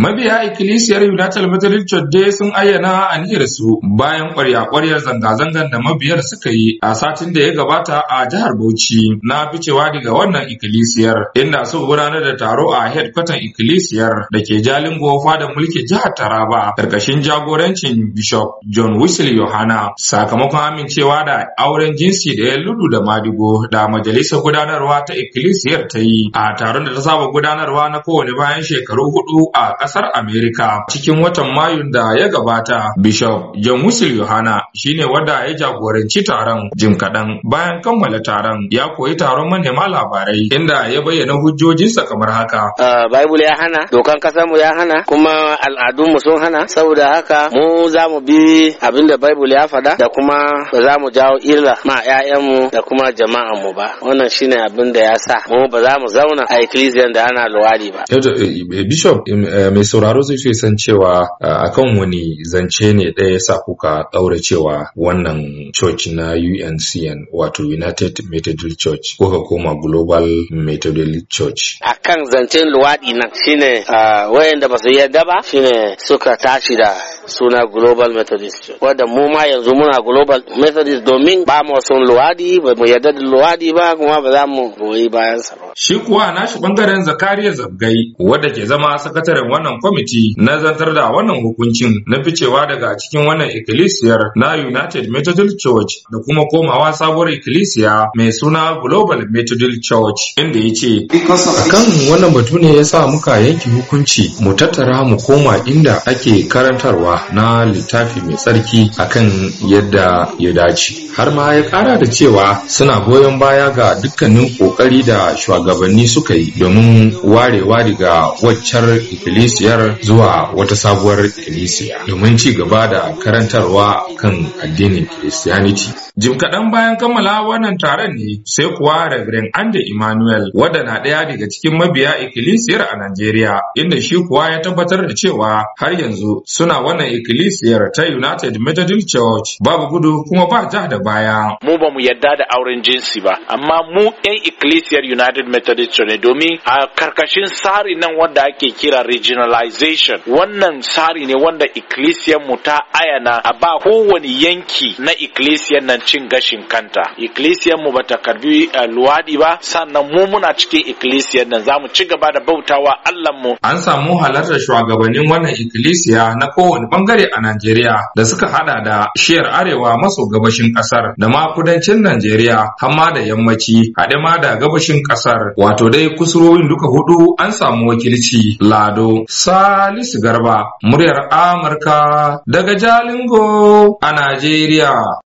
Mabiya ikkilisiyar United Methodist Church dai sun ayyana aniyar su bayan ƙwarya kwaryar zanga-zangar da mabiyar suka yi a satin da ya gabata a jihar Bauchi na ficewa daga wannan ikkilisiyar inda su gudanar da taro a headquarter ikkilisiyar da ke jalin gofa da mulki jihar Taraba karkashin jagorancin Bishop John Wesley Yohana sakamakon amincewa da auren jinsi da ya ludu da madigo da majalisar gudanarwa ta ikkilisiyar ta yi a taron da ta saba gudanarwa na kowane bayan shekaru hudu a Kasar Amerika cikin watan mayu da ya gabata. Bishop John Wesley Yohana shine wanda ya jagoranci taron jim kaɗan bayan kammala taron ya koyi taron manema labarai inda ya bayyana hujjojinsa kamar haka. Bible ya hana, dokan mu ya hana, kuma al'adunmu sun hana, saboda haka mu za mu bi abin da Bible ya faɗa da kuma ba za mu jawo illa ma mu, da kuma mu ba. Wannan shine abin da ya sa mu ba za mu zauna a ecclesia da ana luwadi ba. Eh, eh, eh, Bishop, mai sauraro zai fiye san cewa a kan wani zance ne ɗaya sa kuka ɗaura cewa wannan church na UNCN wato United Methodist Church ko ka koma Global Methodist Church. A kan zancen luwaɗi nan shine wayanda ba su yarda ba shine suka tashi da suna Global Methodist Church. Wadda mu ma yanzu muna Global Methodist domin ba mu son luwaɗi ba mu yarda da luwaɗi ba kuma ba za mu goyi bayan sa ba. shi kuwa na nashi bangaren zakariya zabgai wadda ke zama sakataren wannan kwamiti na zantar da wannan hukuncin na ficewa daga cikin wannan ikkilisiyar na united methodist church da kuma komawa sabuwar ikkilisiya mai suna global methodist church inda ya ce akan wannan batu ne ya sa muka yanke hukunci mu tattara mu koma inda ake karantarwa na littafi mai tsarki akan yadda ya dace har ma ya kara da cewa suna goyon baya ga dukkanin kokari da shugaban shugabanni suka yi domin warewa daga waccar ikkilisiyar zuwa wata sabuwar ikkilisiya domin ci gaba da karantarwa kan addinin Christianity. Jim kaɗan bayan kammala wannan taron ne sai kuwa Reverend Ande Emmanuel wadda na ɗaya daga cikin mabiya ikkilisiyar a Najeriya inda shi kuwa ya tabbatar da cewa har yanzu suna wannan ikkilisiyar ta United Methodist Church babu gudu kuma ba ja da baya. Mu ba mu yarda da auren jinsi ba amma mu 'yan ikkilisiyar United Methodist ne domin a karkashin tsari nan wanda ake kira regionalization wannan tsari ne wanda ikkilisiyar mu ta ayana a ba kowane yanki na ikkilisiyar nan cin gashin kanta ikkilisiyar mu bata karbi eh, luwadi ba sannan mu muna cikin ikkilisiyar nan zamu ci gaba da bautawa Allah mu an samu halartar shugabannin wannan ikkilisiya na kowane bangare a Najeriya da suka hada da shiyar arewa maso gabashin kasar da ma kudancin Najeriya har ma da yammaci hade ma da gabashin kasar wato dai kusurowin duka hudu an samu wakilci lado salisu garba muryar amurka daga jalingo a najeriya